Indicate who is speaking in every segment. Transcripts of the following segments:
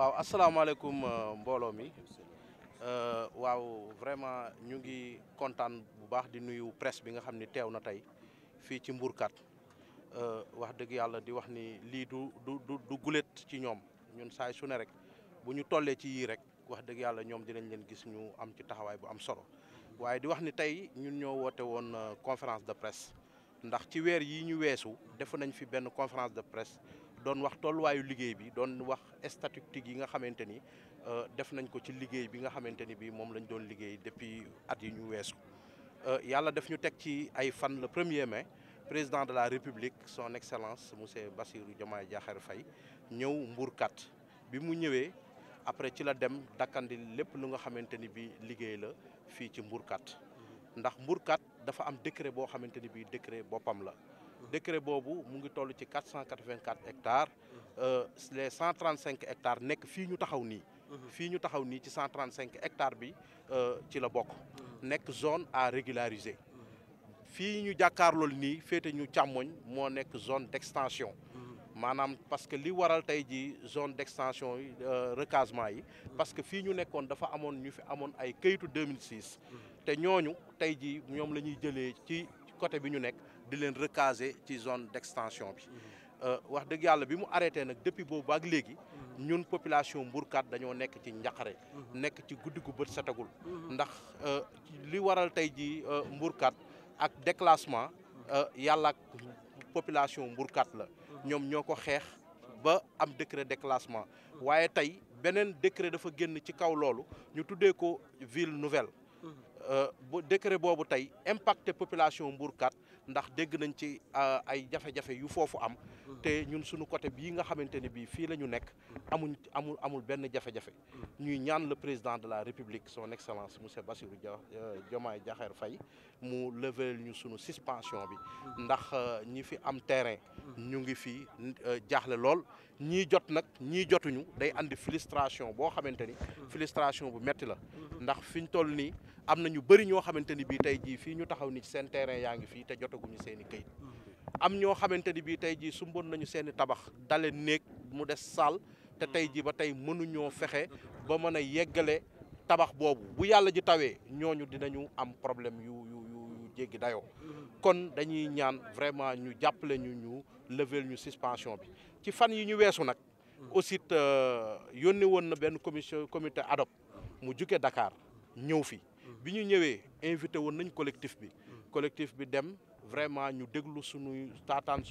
Speaker 1: waaw asalaamaaleykum euh, mbolo mi euh, waaw vraiment ñu ngi contane bu baax di nuyu presse bi nga xamni ni teew na tey fii ci euh, wax deug yalla di wax ni li du du du du gulet ci ñom ñun say su rek bu ñu tollé ci yi rek wax deug yalla ñom dinañ leen gis ñu am ci taxaway bu am solo waye di wax ni tay ñun ñoo woote won conférence de presse ndax ci weer yi ñu wésu def nañ fi ben conférence de presse don wax tolluwaayu liggéey bi don wax statistique yi nga xamanteni euh def nañ ko ci liggéey bi nga xamanteni bi mom lañ doon liggéey depuis at yi ñu euh yalla def ñu tek ci ay fan le 1er mai président de la république son excellence monsieur Bassirou Diomaye Diakhar Faye ñëw Mbourkat bi mu ñewé après ci la dem dakkandi lepp lu nga xamanteni bi bii la fi ci Mbourkat ndax Mbourkat dafa am décret bo xamanteni bi décret bopam la décret Bobu, mu ngi hectares. Mmh. Euh, les 135 hectares nek fi ñu taxaw mmh. hectares bi euh, ci la mmh. zone à régulariser. fi ñu ñu zone d'extension. manam parce que li waral zone d'extension. Euh, parce que fi ñu dafa ñu 2006. té ñoñu tay ji ñom lañuy jëlé ci de leen recaser ci zone d'extension bi. Euh, wax dëgg yàlla bi arrêter arrêté depuis boobu ak léegi. ñun population Mbourkat dañoo nekk ci njaqare. nekk ci guddi gu bët setagul. ndax euh, li waral tey ji euh, Mbourkat ak déclassement. yàlla ak population Mbourkat la. ñoom ñoo ko ba am décret déclassement. waaye tey benen décret dafa génn ci kaw loolu ñu tuddee ko ville nouvelle décret bobu tay impacté population mbourkat ndax dégg nañ ci euh, ay jafé jafé yu fofu am té ñun suñu côté bi nga xamante ne bii fii la nekk amuñ amul amul benn jafé jafé ñuy ñaan le président de la république son excellence monsieur Bassirou euh, Diomaye Jaxer Fay mu lever ñu suñu suspension bi ndax euh, ñi fi am terrain ñu ngi fi jaxlé lool ñii jot nag ñii jotuñu day andi frustration boo xamante ni mm. frustration bu metti la mm-hmm. ndax fi ñu toll nii am na ñu bëri ñoo xamante ni bii tey jii fii ñu taxaw ni seen terrain yaa ngi fii te jotaguñu seen i këyit mm-hmm. am ñoo xamante ni bii tey jii sumboon nañu seen i tabax dale néeg mu des saal te tey jii ba tey mënuñoo fexe ba mën a yeggale tabax boobu bu yàlla ji tawee ñooñu dinañu am problème yu yu d'ailleurs dayo kon vraiment ñu jàppale ñu ñu lever ñu suspension bi ci fan aussi une euh, commission comité ad hoc mu Dakar fi invité collectif bi collectif bi dem vraiment nous déglu tatane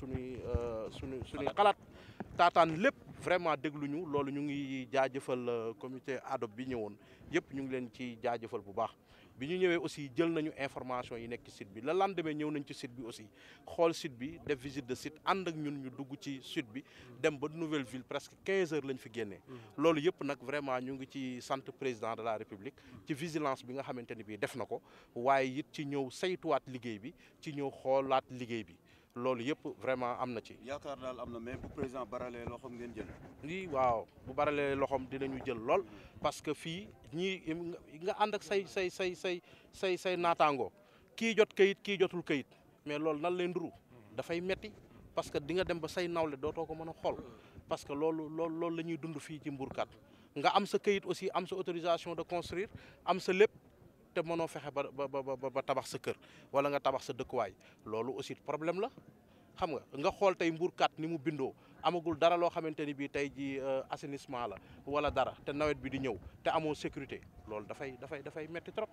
Speaker 1: taataan lepp vraiment dégluñu loolu ñu ngi jaajeufal euh, comité adop bi ñewoon yépp ñu ngi leen ci jaajeufal bu baax bi ñu aussi jël nañu information yi nekk ci site bi le lendemain ñëw nañ ci site bi aussi xol site bi def visite de site and ak ñun ñu dugg ci site bi dem ba nouvelle ville presque quinze heures lañ fi génnee mm-hmm. loolu yépp nak vraiment ñu ngi ci sant président de la république ci vigilance bi nga xamanteni bi def nako waye yit ci ñëw saytuat liggéey bi ci ñëw xoolaat liggéey bi loolu yep, vraiment amna ci. yaakaar dal amna mais bu président baralé loxom ngeen jël. ni waaw bu baralé loxom dinañu jël lool parce que fi ñi nga and ak say say say say say say naataango kii jot kayit ki jotul kayit mais loolu nan lay nduru fay metti parce que di nga dem ba say nawle doto ko mëna xol parce que loolu loolu loolu la dund fi ci kat nga am sa kayit aussi am sa autorisation de construire am sa lepp te mënoo fexe ba ba ba tabax sa kër wala nga tabax sa dëkkuwaay loolu aussi problème la xam nga nga xool tey mbuurkat ni mu bindoo amagul dara loo xamante ni bii tey ji euh, assainissement la wala dara te nawet bi di ñëw te amoo sécurité loolu dafay dafay dafay metti trop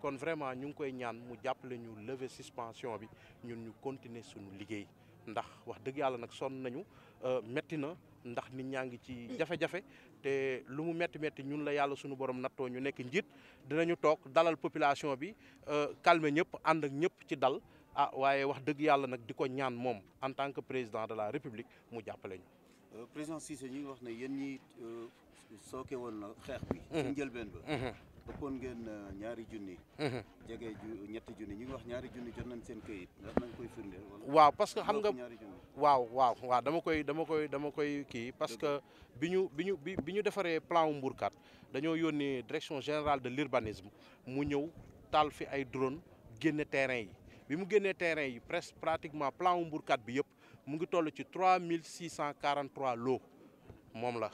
Speaker 1: kon vraiment ñu ngi koy ñaan mu jàppale ñu lever suspension bi ñun ñu continuer suñu liggéey ndax wax dëgg yàlla nag sonn nañu euh, metti na ndax nit ñaa ngi ci jafe-jafe te lu mu métti métti ñun la yàlla suñu borom nattoo ñu nekk njiit dinañu toog dalal population bi euh, calmer ñëpp ànd ak ñëpp ci dal ah waaye wax dëgg yàlla nag di ko ñaan moom en tant que président de la république mu jàppale ñu. Euh, président Cissé ñu ngi wax ne yéen ñi euh, sooke woon na xeex bi. ci mhm. njëlbeen ba. Mhm. ëppoon ngeen ñaari junni. Mhm. jege ju ñetti junni ñu ngi wax ñaari junni jot nañ seen këyit ndax nañ koy firndeel. waaw parce que xam nga waaw waaw waaw dama koy dama koy dama koy parce que bi ñu bi ñu bi bi ñu defaree plan wu Mbourkat dañoo direction générale de l'urbanisme mu ñëw taal fi ay drone génne terrain yi bi mu terrain yi presque pratiquement plan wu Mbourkat bi yëpp mu ngi toll ci lots moom la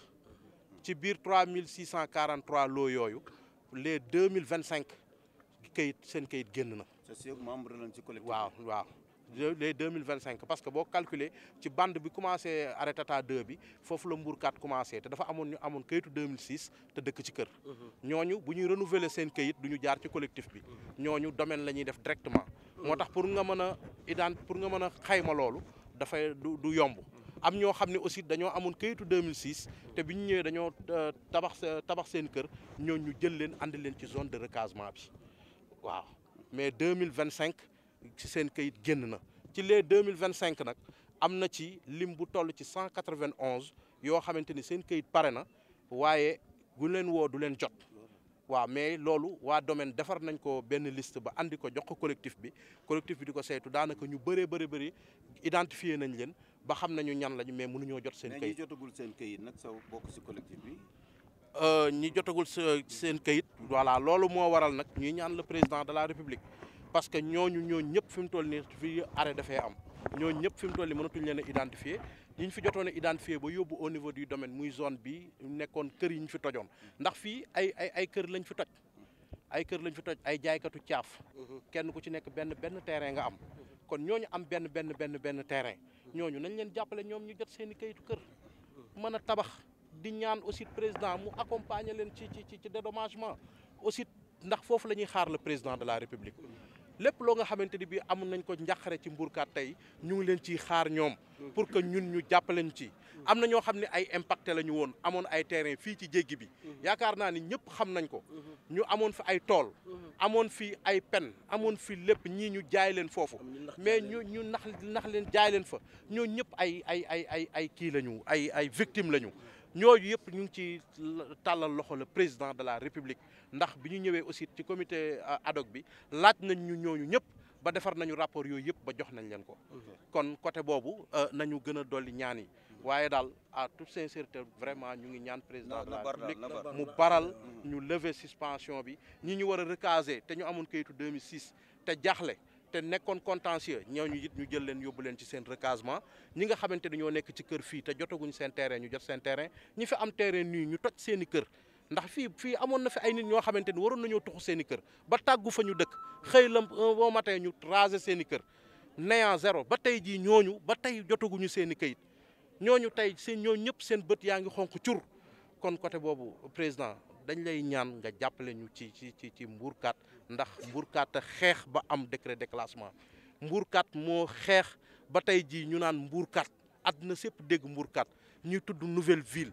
Speaker 1: ci biir lots yoyo les 2025 mille vingt cinq kayit seen kayit génn membre lañ ci collectif waaw waaw les 2025, parce que boo calculer ci bande bi commencé arrêté à 2 bi foofu le Mbour 4 commencé te dafa amoon ñu 2006 te dëkk ci kër. Mhm. ñooñu bu ñuy renouveler seen kayit du jaar ci collectif bi. Mhm. ñooñu domaine la def directement. moo pour nga mën a pour nga mën a xayma loolu dafay du du yomb. am ñoo xamni aussi dañoo amone kayitu 2006 té bi ñëwé ñëwee dañoo euh, tabax euh, tabax seen kër ñooñu ñu jël leen andi leen ci zone de recasement bi waaw mais 2025 ci seen kayit génn na ci les 2025 nak vingt am na ci lim bu toll ci 191 quatre vingt onze yoo xamante ni seen kayit pare na waaye bu leen woo du leen jot. waaw mais loolu waa domaine defar nañ ko benn liste ba andi ko jox ko collectif bi collectif bi di ko saytu daanaka ñu bëree bëri bëri identifié nañ leen ba xam nañu ñan lañu mais mënuñoo jot seen. kayit ñi jotagul seen kayit nag sa bokk si collectif bi. Euh, ñi jotagul seen kayit. voilà loolu moo waral nag ñuy ñaan le président de la république parce que nous ñooñu nous, fi nous, au niveau du domaine muy zone bi nous, nous, Nous fi nous, Nous ay ay mhm. nous, terrain nous, terrain nous, président accompagner aussi le président de la république. lépp loo nga xamante ni bii amoon nañ ko njàqare ci mbuurkat tey ñu ngi leen ciy xaar ñoom pour que ñun ñu jàppaleñ ci am na ñoo xam ne ay impacté la ñu woon amoon ay terrain fii ci jéggi bi yaakaar naa ni ñëpp xam nañ ko ñu amoon fi ay tool amoon fi ay pen amoon fi lépp ñii ñu jaay leen foofu mais ñu ñu nax nax leen jaay leen fa ñoo ñëpp ay ay ay ay ay kii la ñu ay ay victime la ñu ñooñu yëpp ñu ngi ci tàllal loxo la président de la république ndax bi ñu ñëwee aussi ci comité euh, ad bi laaj nañ ñu ñooñu ñëpp ba defar nañu rapport yooyu yëpp ba jox nañ leen ko. Mhm. kon côté boobu euh, nañu gën a dolli ñaan yi. Mhm. waaye daal à toute sincérité vraiment ñu ngi ñaan président de la république mu baral mhm. ñu lever suspension bi ñi ñu war a recaser te ñu amoon kayitu 2006 te jaaxle te nekkoon contentieux ñooñu it ñu jël leen yóbbu leen ci seen recasement ñi nga xamante ni ñoo nekk ci kër fii te jotaguñ seen terrain ñu jot seen terrain ñi fi am terrain nii ñu toj seen i kër. ndax fii fii amoon na fi ay nit ñoo xamante ni waroon nañoo tuxu seeni kër ba tàggu fa ñu dëkk xëy la boo matee ñu raser seen i kër néant zéro ba tey jii ñooñu ba tey jotaguñu seen i kayit ñooñu tey seen ñooñu ñëpp seen bët yaa ngi xonq cur kon côté boobu président dañ lay ñaan nga jàppale ñu ci ci ci ci mbuurkat ndax mbuurkat xeex ba am décret de classement mbuurkat moo xeex ba tey jii ñu naan mbuurkat àddina sépp dégg mbuurkat ñuy tudd nouvelle ville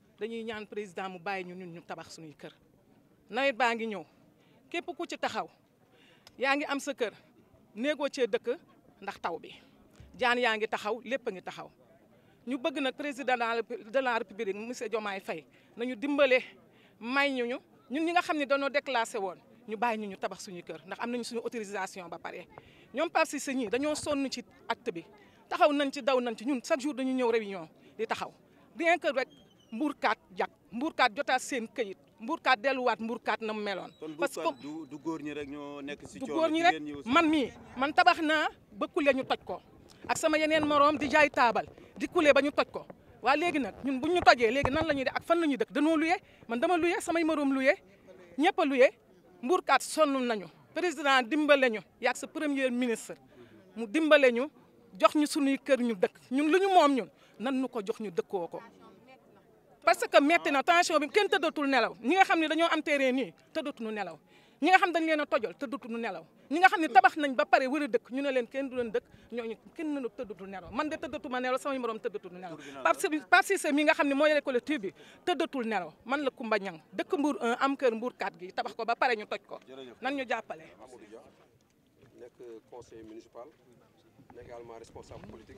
Speaker 2: dañuy ñaan président mu bàyyi ñu ñun ñu tabax suñuy kër nawet baa ngi ñëw képp ku ci taxaw yaa ngi am sa kër néegoo cee dëkk ndax taw bi jaan yaa ngi taxaw lépp a ngi taxaw ñu bëgg nag président de la république monsieur Diomaye Faye nañu dimbale may ñu ñu ñun ñi nga xam ne dañoo déclassé woon ñu bàyyi ñu ñu tabax suñuy kër ndax am nañu suñu autorisation ba pare ñoom parce que ñi dañoo sonn ci act bi taxaw nañ ci daw nañ ci ñun chaque jour dañu ñëw réunion di taxaw kaat jag mbuurkaat jotaat seen këyit mbuurkaat delluwaat mbuurkaat na mu meloon.
Speaker 3: parce que du du góor ñi rek ñoo nekk ci coono. du góor ñi man
Speaker 2: mii man tabax naa ba kule ñu toj ko. ak sama yeneen moroom di jaay taabal di kule ba ñu toj ko waa léegi nag ñun buñ ñu tojee léegi nan la ñuy def ak fan la ñuy dëkk danoo luye man dama luye samay moroom luye ñëpp a luye mbuurkaat sonn nañu. président dimbale ñu yaag sa premier ministre mu dimbale ñu jox ñu sunuy kër ñu dëkk ñun lu ñu moom ñun nan ñu ko jox ñu dëkkoo ko. parce que metti na tension bi kenn tëddatul nelaw ñi nga xam ne dañoo am terrain nii tëddatuñu nelaw ñi nga xam dañ leen a tojol tëddatuñu nelaw ñi nga xam ne tabax nañ ba pare wër dëkk ñu ne leen kenn du leen dëkk ñooñu kenn nenu tëddatul nelaw man de tëddatuma nelaw samay morom tëddatul nelaw Pape Cissé mi nga xam ne moo yore collectif bi tëddatul nelaw man la Kumba Ñang dëkk Mbour 1 am kër Mbour 4 gi tabax ko ba pare ñu toj ko nan ñu jàppale
Speaker 3: nekk conseiller municipal également responsable politique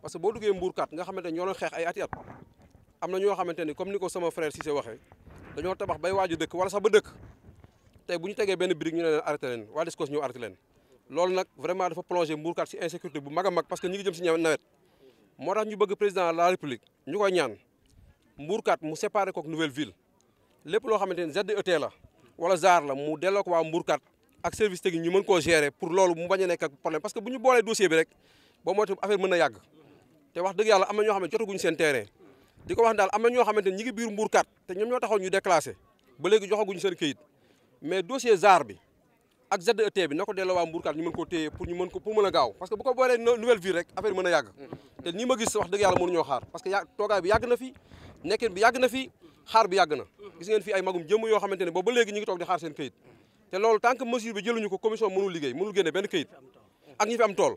Speaker 3: parce que boo duggee mbuurkat nga xamante ne ñoo xeex ay ati at am na ñoo xamante ni comme ni ko sama frère Cissé waxee dañoo tabax bay waaju dëkk wala sax ba dëkk tey bu ñu tegee benn birig ñu ne leen arrêté leen waa DSCOS ñëw arrêté leen loolu nag bu mag a mag que ñi ngi jëm si nawet moo tax ñu bëgg président de la république ñu koy ñaan mbuurkat mu séparé kook nouvelle ville lépp loo xamante ni ZET la wala ZAR la mu delloo ko waa mbuurkat ak service technique ñu mën koo gérer pour loolu mu bañ a nekk problème parce que bu ñu boolee dossier bi yàgg te wax dëgg yàlla am na ñoo am na ñoo xamante ñi ngi biir mbuurkat te ñoom ñoo taxaw ñu déclassé ba léegi joxaguñ seen këyit mais dossier ZAR bi ak ZET bi na ko delloo waa mbuurkat ñu a gaaw parce bi mën a yàgg te nii bi yàgg na yoo xamante ne ba léegi ñu ngi toog di xaar seen këyit te loolu ko commission mënul liggéey mënul génne benn këyit ak ñi fi am tool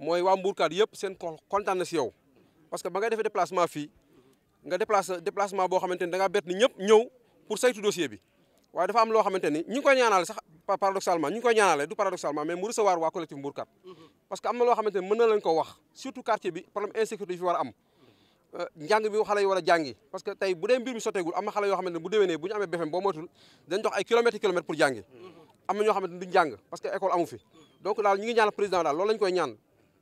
Speaker 3: moy wa mbuurkaat yëpp seen kontaan na ci yow parce que ba nga defee déplacement fi nga déplacer déplacement bo xamanteni da nga bett ni ñëpp ñëw pour saytu dossier bi wa dafa am lo xamanteni ni ñu ngi koy ñaanale sax paradoxalement ñu ngi koy ñaanale du paradoxalement mais mu recevoir wa collectif mbuurkaat parce que amna lo xamanteni xamante lañ ko wax surtout quartier bi problème insécurité fi war am euh, njàng bi xale yi wara jangi parce que tay bu dé mbir mi soté gul amna xalé yo xamanteni ne bu déwénee bu ñu amee BFEM boo moytul dañ dox ay kilomètre kilomètre pour jangi amna ño xamanteni xamante ne duñ jàng parce que école amu fi donc dal ñi ngi ñaan président dal lool lañ koy ñaan